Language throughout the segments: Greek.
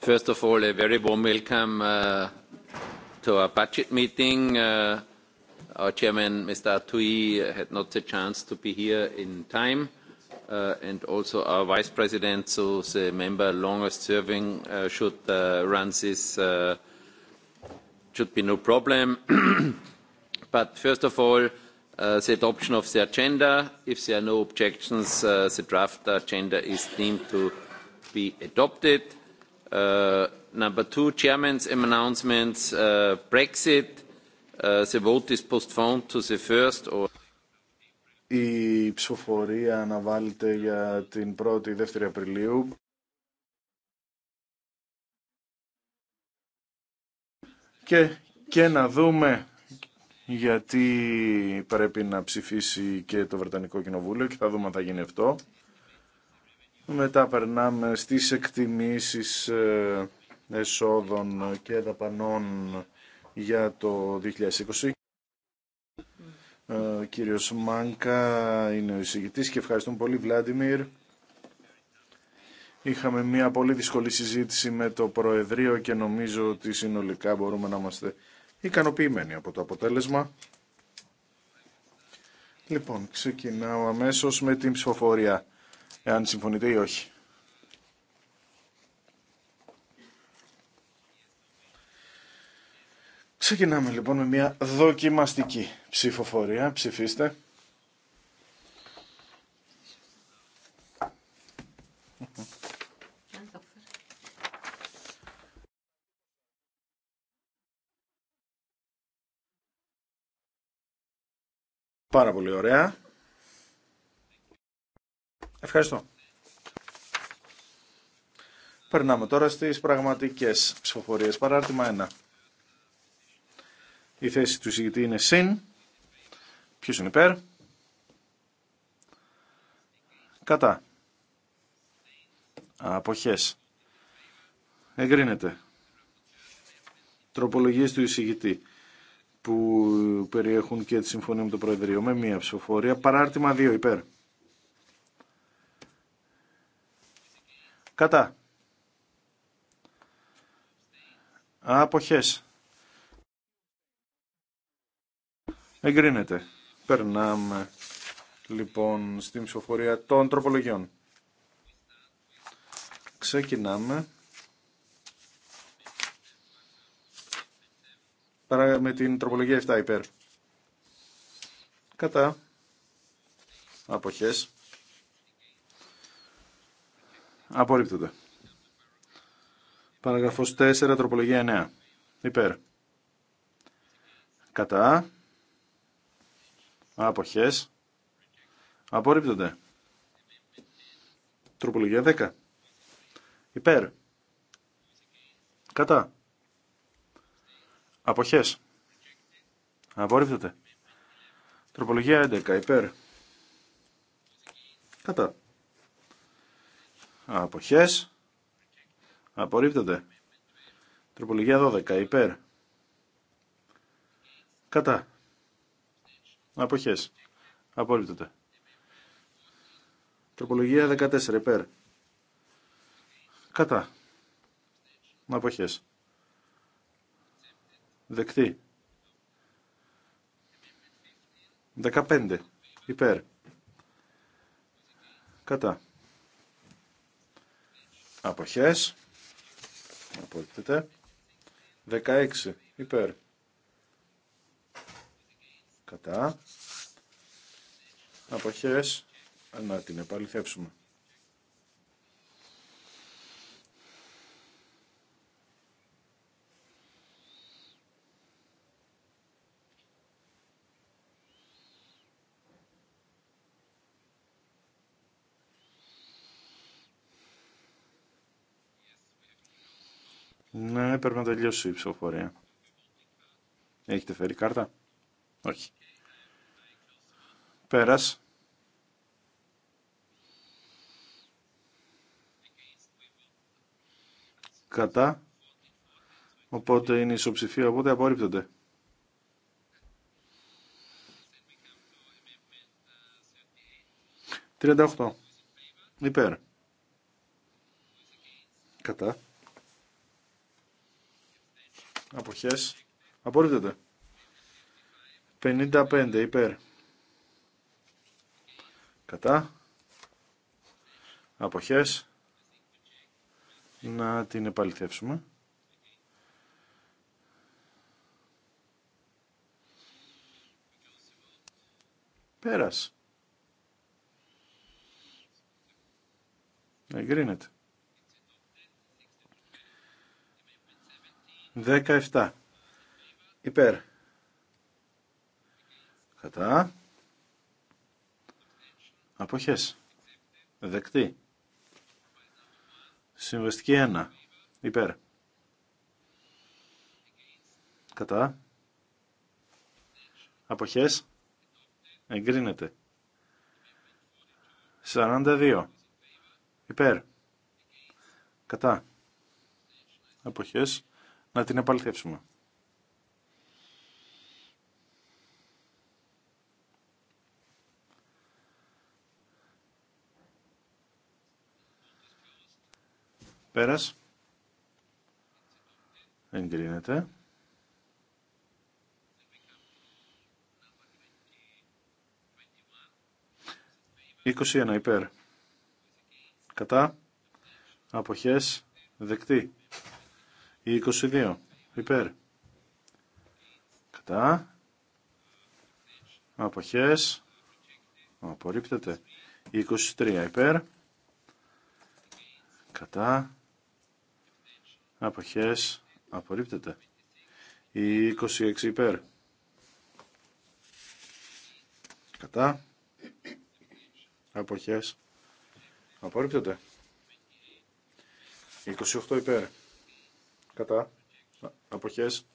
First of all, a very warm welcome to our budget meeting. Our chairman, Mr. Artui, had not the chance to be here in time, and also our vice president, so the member longest serving, should run this. Should be no problem. But first of all, the adoption of the agenda. If there are no objections, the draft agenda is deemed to be adopted. Uh, number two, Chairman's announcements, uh, Brexit. Uh, the vote is postponed to the first or... Η ψηφοφορία αναβάλλεται για την 1η 2η Απριλίου. Και, και να δούμε γιατί πρέπει να ψηφίσει και το Βρετανικό Κοινοβούλιο και θα δούμε αν θα γίνει αυτό. Μετά περνάμε στις εκτιμήσεις ε, εσόδων και δαπανών για το 2020. Ε, ο κύριος Μάνκα είναι ο εισηγητής και ευχαριστούμε πολύ Βλάντιμιρ. Είχαμε μια πολύ δύσκολη συζήτηση με το Προεδρείο και νομίζω ότι συνολικά μπορούμε να είμαστε ικανοποιημένοι από το αποτέλεσμα. Λοιπόν, ξεκινάω αμέσως με την ψηφοφορία εάν συμφωνείτε ή όχι. Ξεκινάμε λοιπόν με μια δοκιμαστική ψηφοφορία. Ψηφίστε. Πάρα πολύ ωραία. Ευχαριστώ. Περνάμε τώρα στις πραγματικές ψηφοφορίες. Παράρτημα 1. Η θέση του εισηγητή είναι συν. Ποιος είναι υπέρ. Κατά. Αποχές. Εγκρίνεται. Τροπολογίες του εισηγητή που περιέχουν και τη συμφωνία με το Προεδρείο με μία ψηφοφορία. Παράρτημα 2 υπέρ. Κατά. Αποχές. Εγκρίνεται. Περνάμε λοιπόν στην ψηφοφορία των τροπολογιών. Ξεκινάμε. Παρά με την τροπολογία 7 υπέρ. Κατά. Αποχές. Απορρίπτονται. Παραγραφός 4, τροπολογία 9. Υπέρ. Κατά. Αποχές. Απορρίπτονται. Τροπολογία 10. Υπέρ. Κατά. Αποχές. Απορρίπτονται. Τροπολογία 11. Υπέρ. Κατά αποχές Απορρίπτονται. τροπολογία 12 υπέρ κατά αποχές Απορρίπτονται. τροπολογία 14 υπέρ κατά αποχές δεκτή 15 υπέρ κατά Αποχές. Απορρίπτεται. 16 υπέρ. Κατά. Αποχές. Να την επαληθεύσουμε. Ναι, πρέπει να τελειώσει η ψηφοφορία. Έχετε φέρει κάρτα. Όχι. Πέρας. Κατά. Οπότε είναι ισοψηφία, οπότε απορρίπτονται. Τριάντα Υπέρ. Κατά αποχές απορρίπτεται 55 υπέρ κατά αποχές να την επαληθεύσουμε πέρας εγκρίνεται 17. Υπέρ. Κατά. Αποχές. Δεκτή. Συμβαστική 1. Υπέρ. Κατά. Αποχές. Εγκρίνεται. 42. Υπέρ. Κατά. Αποχές να την επαληθεύσουμε. Πέρας. Εγκρίνεται. Είκοσι ένα υπέρ. Κατά. Αποχές. Δεκτή. Η 22. Υπέρ. Κατά. Αποχές. Απορρίπτεται. Η 23. Υπέρ. Κατά. Αποχές. Απορρίπτεται. Η 26. Υπέρ. Κατά. Αποχές. Απορρίπτεται. 28 υπέρ κατά αποχές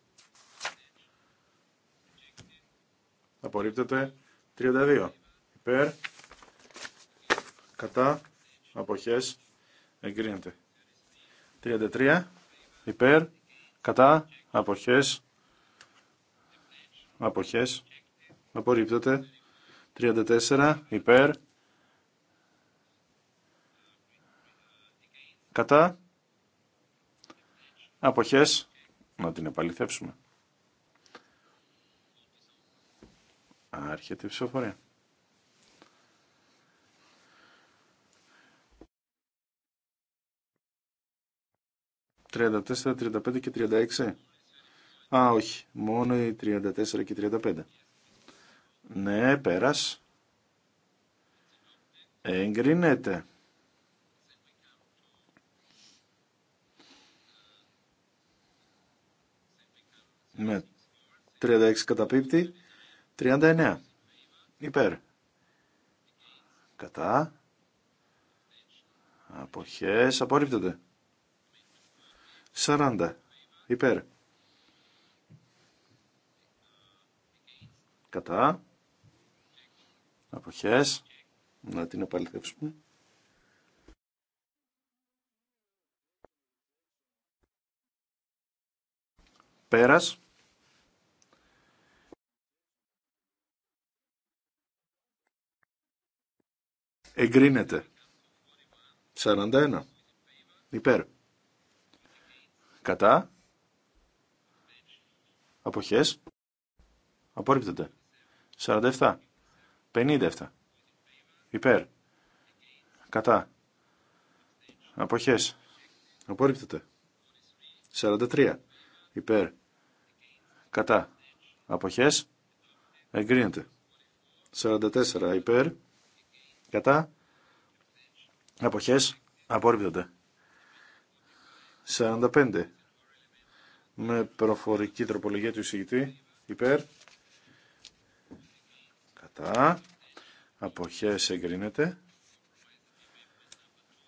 απορρίπτεται 32 υπέρ κατά αποχές εγκρίνεται 33 υπέρ κατά αποχές αποχές απορρίπτεται 34 υπέρ κατά Αποχές. Να την επαληθεύσουμε. Άρχεται η ψηφοφορία. «34, 35 και 36». Α, όχι. Μόνο οι 34 και 35. Ναι, πέρας. Εγκρίνεται. Με 36 καταπίπτει. 39. Υπέρ. Κατά. Αποχές. απορρίπτεται, 40. Υπέρ. Κατά. Αποχές. Να την επαληθεύσουμε. Πέρας. εγκρίνεται. 41 υπέρ. Κατά. Αποχές. Απορρίπτεται. 47. 57. Υπέρ. Κατά. Αποχές. Απορρίπτεται. 43. Υπέρ. Κατά. Αποχές. Εγκρίνεται. 44. Υπέρ. Κατά. Αποχές. Απορρίπτονται. 45. Με προφορική τροπολογία του εισηγητή. Υπέρ. Κατά. Αποχές εγκρίνεται.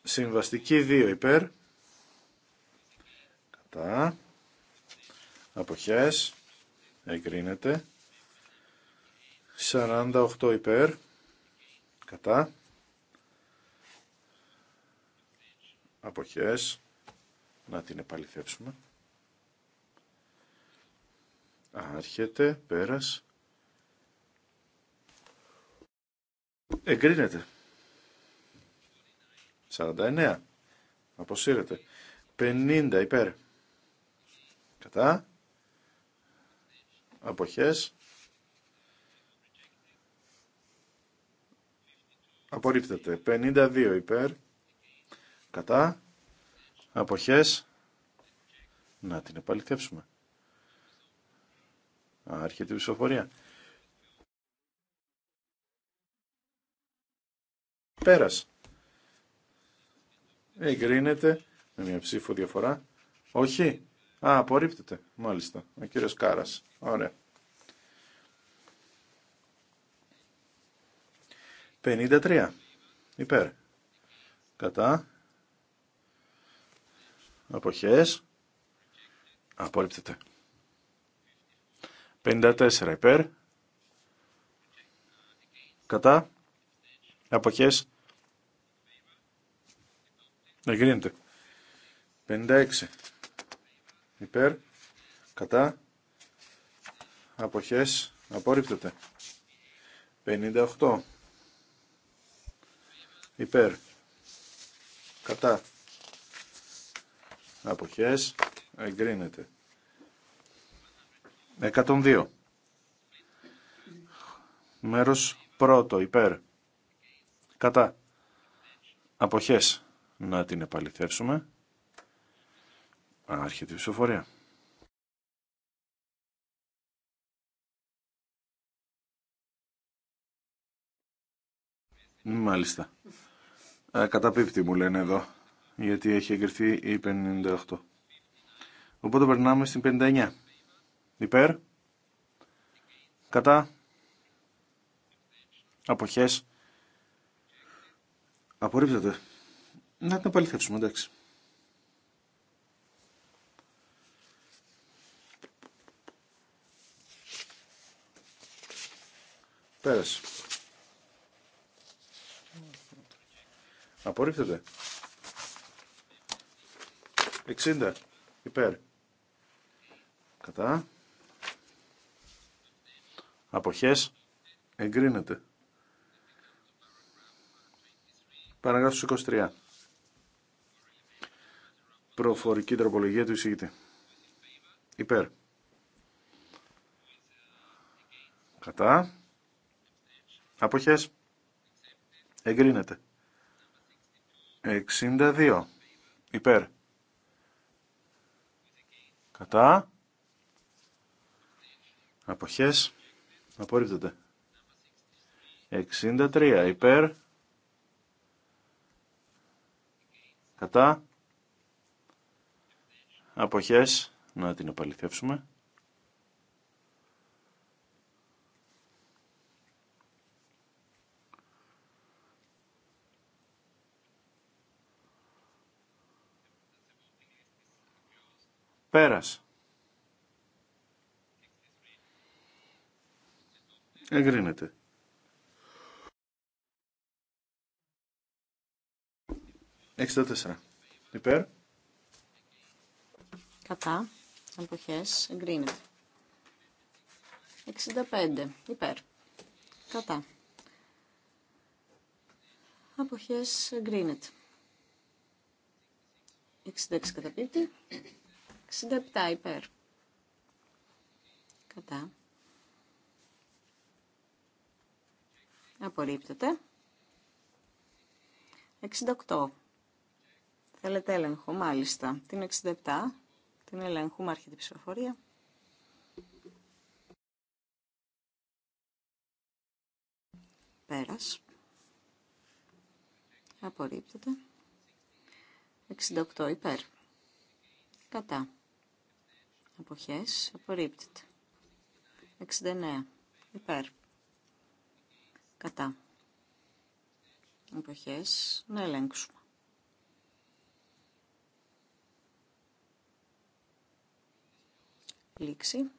Συμβαστική 2 υπέρ. Κατά. Αποχές εγκρίνεται. 48 υπέρ κατά αποχές να την επαληθεύσουμε άρχεται πέρας εγκρίνεται 49 αποσύρεται 50 υπέρ κατά αποχές Απορρίπτεται. 52 υπέρ. Κατά. Αποχές. Να την επαληθεύσουμε. Άρχεται η ψηφοφορία. Πέρας. Εγκρίνεται με μια ψήφο διαφορά. Όχι. Α, απορρίπτεται. Μάλιστα. Ο κύριος Κάρας. Ωραία. 53 υπέρ κατά αποχές απορρίπτεται 54 υπέρ κατά αποχές εγκρίνεται 56 υπέρ κατά αποχές απορρίπτεται 58 υπέρ κατά αποχές εγκρίνεται 102 μέρος πρώτο υπέρ κατά αποχές να την επαληθεύσουμε άρχεται η ψηφοφορία Μάλιστα. Ε, πίπτη μου λένε εδώ, γιατί έχει εγκριθεί η 58. Οπότε περνάμε στην 59. Υπέρ. Κατά. Αποχές. Απορρίπτεται. Να την επαληθεύσουμε, εντάξει. Πέρασε. Απορρίπτεται. 60 υπέρ. Κατά. Αποχές. Εγκρίνεται. Παραγράφος 23. Προφορική τροπολογία του εισηγητή. Υπέρ. Κατά. Αποχές. Εγκρίνεται. 62. Υπέρ. Κατά. Αποχές. Απορρίπτονται. 63. Υπέρ. Κατά. Αποχές. Να την επαληθεύσουμε. Πέρας. Εγκρίνεται. 64. Υπέρ. Κατά. Αποχές. Εγκρίνεται. 65. Υπέρ. Κατά. Αποχές. Εγκρίνεται. 66 καταπίπτει. 67 υπέρ. Κατά. Απορρίπτεται. 68. Θέλετε έλεγχο, μάλιστα. Την 67. Την ελέγχουμε, άρχεται η ψηφοφορία. Πέρας. Απορρίπτεται. 68 υπέρ. Κατά. Εποχές. απορρίπτεται. 69 υπέρ κατά εποχές να ελέγξουμε. Λήξη.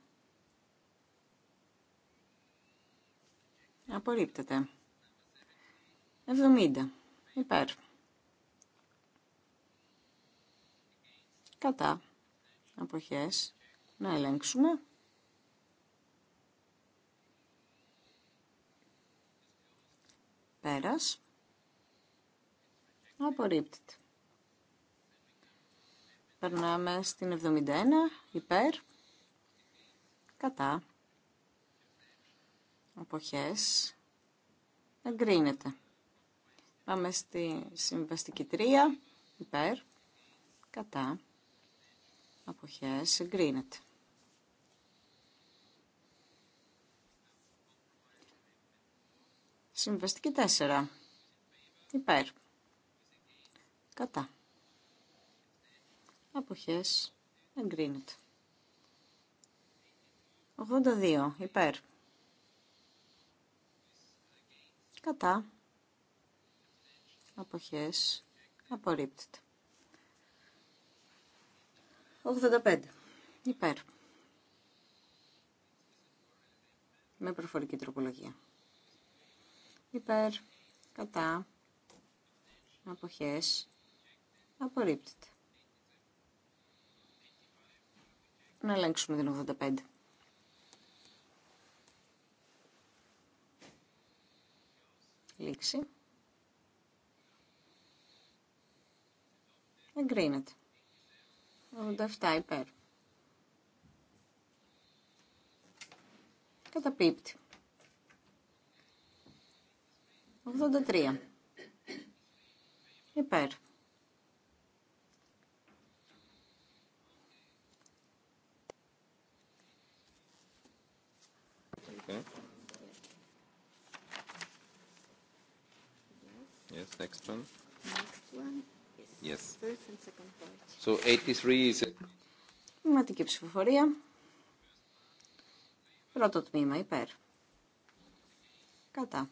Απορρίπτεται. 70. Υπέρ. Κατά. Αποχές. Να ελέγξουμε. Πέρας. Απορρίπτεται. Περνάμε στην 71, υπέρ, κατά, αποχές, εγκρίνεται. Πάμε στη συμβαστική 3, υπέρ, κατά, αποχές εγκρίνεται. Συμβαστική 4. Υπέρ. Κατά. Αποχές εγκρίνεται. 82. Υπέρ. Κατά. Αποχές απορρίπτεται. 85. Υπέρ. Με προφορική τροπολογία. Υπέρ. Κατά. Αποχές. Απορρίπτεται. Να ελέγξουμε την 85. Λήξη. Εγκρίνεται. 87 υπέρ. Καταπίπτει. 83. Υπέρ. Okay. Yes, next one. Next one. Yes. Ματική ψηφοφορία. Πρώτο τμήμα υπέρ. Κατά.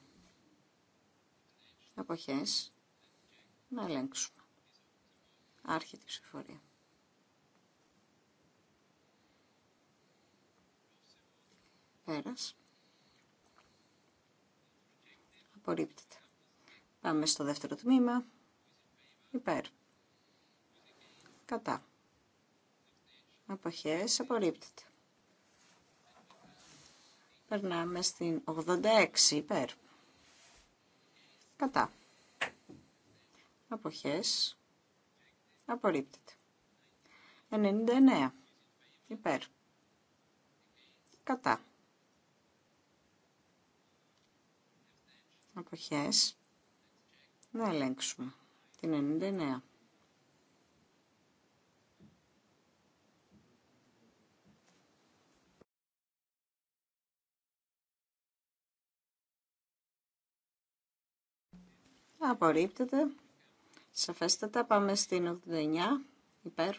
Αποχές. Να ελέγξουμε. Άρχεται η ψηφοφορία. Πέρας. Απορρίπτεται. Πάμε στο δεύτερο τμήμα. Υπέρ. Κατά. Αποχές απορρίπτεται. Περνάμε στην 86 υπέρ. Κατά. Αποχές απορρίπτεται. 99 υπέρ. Κατά. Αποχές να ελέγξουμε την 99. Απορρίπτεται. Σαφέστατα πάμε στην 89 υπέρ.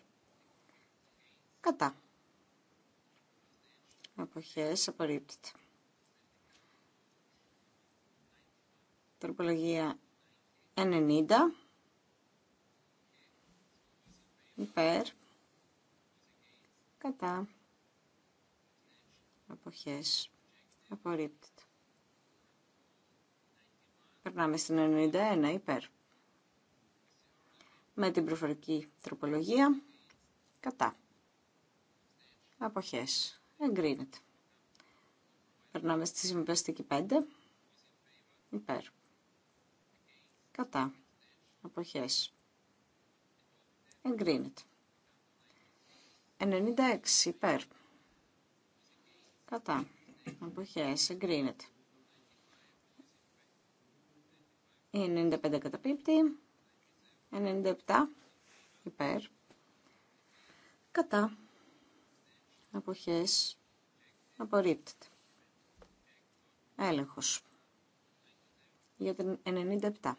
Κατά. Αποχές απορρίπτεται. Τροπολογία 90. Υπέρ. Κατά. Αποχές. Απορρίπτεται. Περνάμε στην 91 υπέρ. Με την προφορική τροπολογία κατά. Αποχές. Εγκρίνεται. Περνάμε στη συμβαστική 5. Υπέρ. Κατά. Αποχές. Εγκρίνεται. 96. Υπέρ. Κατά. Αποχές. Εγκρίνεται. 95 καταπίπτει. 97 υπέρ. Κατά. Αποχές. Απορρίπτεται. Έλεγχος. Για την 97.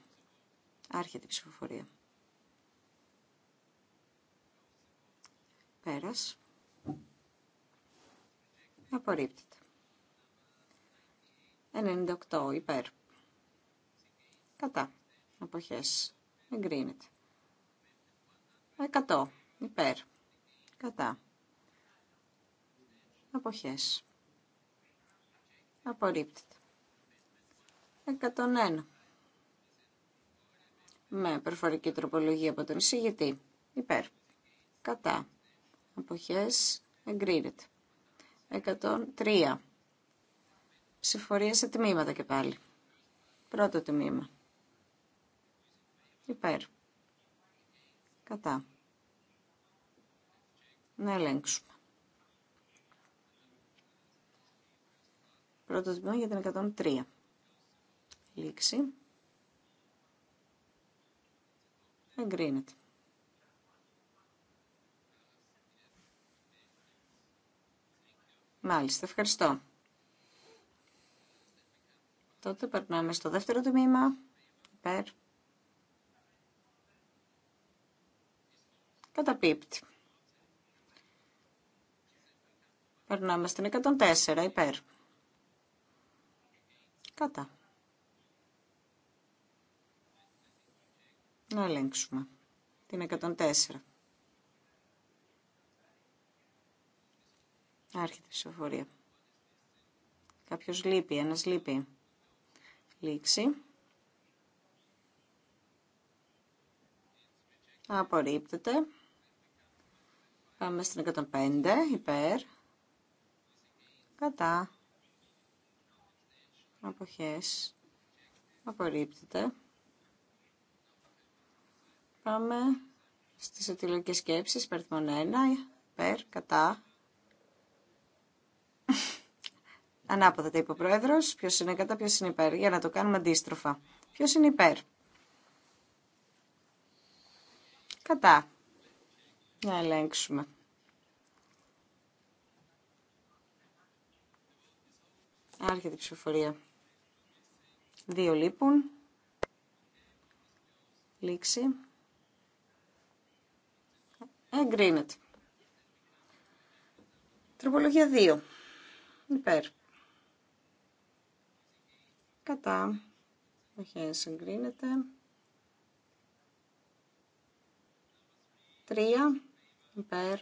Άρχεται η ψηφοφορία. Πέρας. Απορρίπτεται. 98 υπέρ. Κατά. Αποχές. Εγκρίνεται. 100. Υπέρ. Κατά. Αποχές. Απορρίπτεται. 101. Με προφορική τροπολογία από τον εισηγητή. Υπέρ. Κατά. Αποχές. Εγκρίνεται. 103. Ψηφορία σε τμήματα και πάλι. Πρώτο τμήμα. Υπέρ. Κατά. Να ελέγξουμε. Πρώτο τμήμα για την 103. Λήξη. Εγκρίνεται. Μάλιστα, ευχαριστώ. Τότε περνάμε στο δεύτερο τμήμα. Υπέρ. Καταπίπτει. Περνάμε στην 104 υπέρ. Κατά. Να ελέγξουμε την 104. Άρχεται η ψηφοφορία. Κάποιος λείπει, ένας λείπει. Λήξη. Απορρίπτεται. Πάμε στην 105 υπέρ. Κατά. Αποχές. Απορρίπτεται. Πάμε στις ατυλογικές σκέψεις. 1 υπέρ. Κατά. Ανάποδα τα είπε ο Πρόεδρος. Ποιος είναι κατά, ποιος είναι υπέρ. Για να το κάνουμε αντίστροφα. Ποιος είναι υπέρ. Κατά να ελέγξουμε. Άρχεται η ψηφοφορία. Δύο λείπουν. Λήξη. Εγκρίνεται. Τροπολογία 2. Υπέρ. Κατά. Όχι, εγκρίνεται. Τρία υπέρ,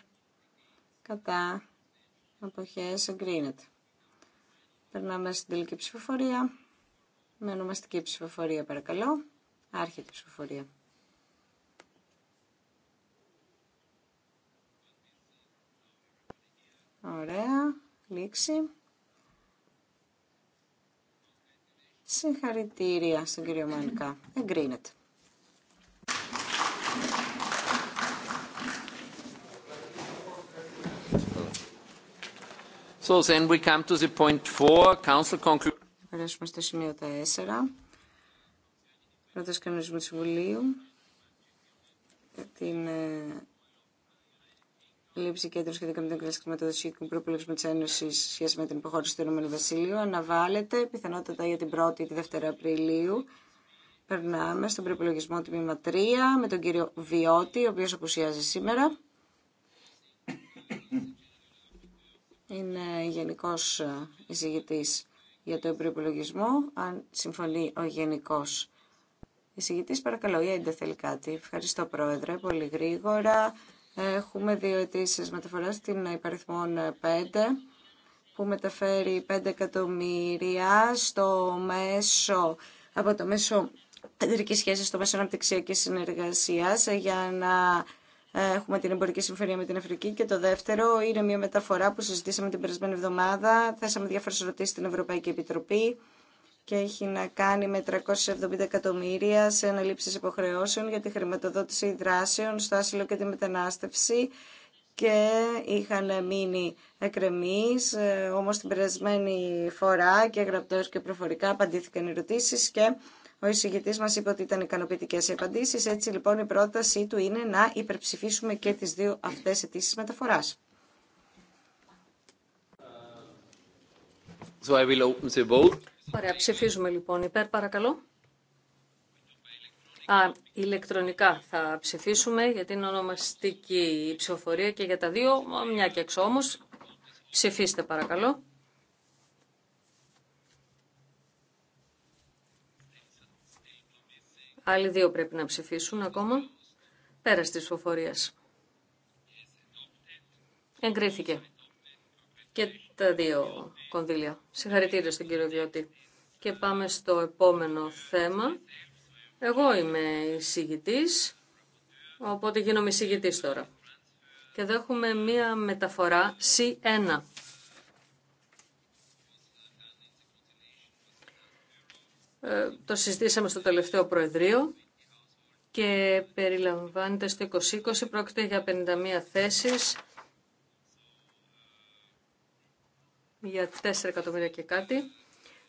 κατά, αποχές, εγκρίνεται. Περνάμε στην τελική ψηφοφορία, με ονομαστική ψηφοφορία παρακαλώ, άρχεται ψηφοφορία. Ωραία, λήξη. Συγχαρητήρια στον κύριο Μανικά. Εγκρίνεται. Περάσουμε στο σημείο 4. Πρώτος κανονισμού του Συμβουλίου για την ε, λήψη κέντρου σχετικά με την κλασική και την προπολογισμό τη Ένωση σχέση με την υποχώρηση του Ηνωμένου Βασιλείου αναβάλλεται πιθανότατα για την 1η ή τη 2η Απριλίου. Περνάμε στον προπολογισμό τμήμα 3 με τον κύριο Βιώτη, ο οποίο απουσιάζει σήμερα. είναι γενικός εισηγητή για το προπολογισμό, αν συμφωνεί ο γενικός εισηγητή, Παρακαλώ, η Έντε θέλει κάτι. Ευχαριστώ, Πρόεδρε, πολύ γρήγορα. Έχουμε δύο αιτήσει μεταφορά στην υπαριθμόν 5 που μεταφέρει 5 εκατομμύρια στο μέσο, από το μέσο εταιρική σχέση στο μέσο αναπτυξιακή συνεργασία για να ε, έχουμε την εμπορική συμφωνία με την Αφρική και το δεύτερο είναι μια μεταφορά που συζητήσαμε την περασμένη εβδομάδα. Θέσαμε διάφορες ερωτήσει στην Ευρωπαϊκή Επιτροπή και έχει να κάνει με 370 εκατομμύρια σε αναλήψει υποχρεώσεων για τη χρηματοδότηση δράσεων στο άσυλο και τη μετανάστευση και είχαν μείνει εκρεμείς, ε, όμως την περασμένη φορά και γραπτό και προφορικά απαντήθηκαν ερωτήσεις και ο εισηγητή μα είπε ότι ήταν ικανοποιητικέ οι απαντήσει. έτσι λοιπόν η πρότασή του είναι να υπερψηφίσουμε και τις δύο αυτές αιτήσει μεταφοράς. So I will open the vote. Ωραία, ψηφίζουμε λοιπόν υπέρ, παρακαλώ. Α, ηλεκτρονικά θα ψηφίσουμε για την ονομαστική ψηφοφορία και για τα δύο, μια και έξω όμως. Ψηφίστε παρακαλώ. Άλλοι δύο πρέπει να ψηφίσουν ακόμα. Πέρα τη ψηφοφορία. Εγκρίθηκε. Και τα δύο κονδύλια. Συγχαρητήρια στον κύριο Βιώτη. Και πάμε στο επόμενο θέμα. Εγώ είμαι εισηγητή. οπότε γίνομαι εισηγητή τώρα. Και εδω έχουμε μία μεταφορά C1. Ε, το συζητήσαμε στο τελευταίο Προεδρείο και περιλαμβάνεται στο 2020, πρόκειται για 51 θέσεις για 4 εκατομμύρια και κάτι.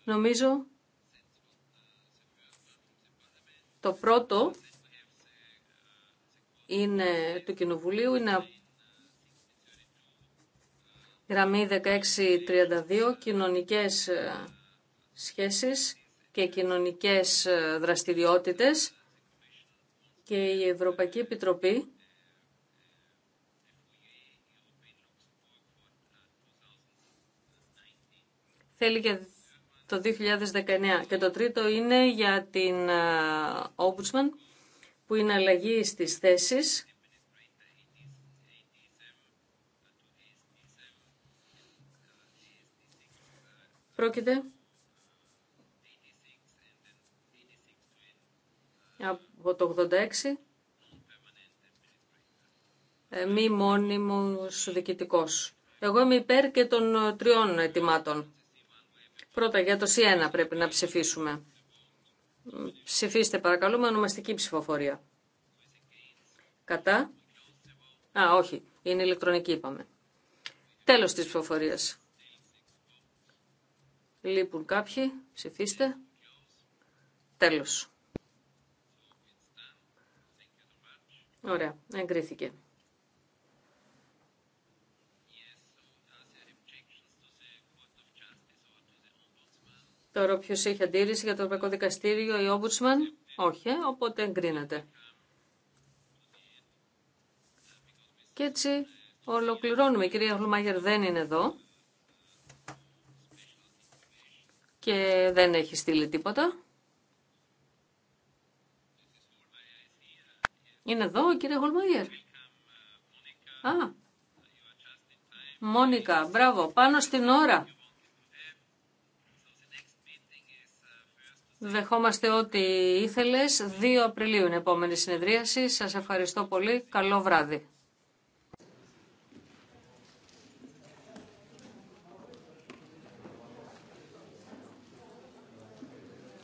Νομίζω το πρώτο είναι του Κοινοβουλίου, είναι γραμμή 1632, κοινωνικές ε, σχέσεις και κοινωνικές ε, δραστηριότητες και η Ευρωπαϊκή Επιτροπή θέλει για το 2019 και το τρίτο είναι για την ε, Ombudsman που είναι αλλαγή στις θέσεις Πρόκειται από το 86 ε, μη μόνιμος διοικητικός. Εγώ είμαι υπέρ και των ε, τριών ετοιμάτων. Πρώτα για το ΣΥΕΝΑ πρέπει να ψηφίσουμε. Ψηφίστε παρακαλώ με ονομαστική ψηφοφορία. Κατά. Α, όχι. Είναι ηλεκτρονική είπαμε. Τέλος της ψηφοφορίας. Λείπουν κάποιοι. Ψηφίστε. Τέλος. Ωραία, εγκρίθηκε. Τώρα ποιο έχει αντίρρηση για το Ευρωπαϊκό Δικαστήριο ή Ομπούτσμαν. Όχι, οπότε εγκρίνεται. Και έτσι ολοκληρώνουμε. Η κυρία Χλουμάγερ δεν είναι εδώ και δεν έχει στείλει τίποτα. Είναι εδώ ο κυρία Χολμαγερ. Α, Μόνικα, μπράβο, πάνω στην ώρα. Δεχόμαστε ό,τι ήθελες. 2 Απριλίου είναι η επόμενη συνεδρίαση. Σας ευχαριστώ πολύ. Καλό βράδυ.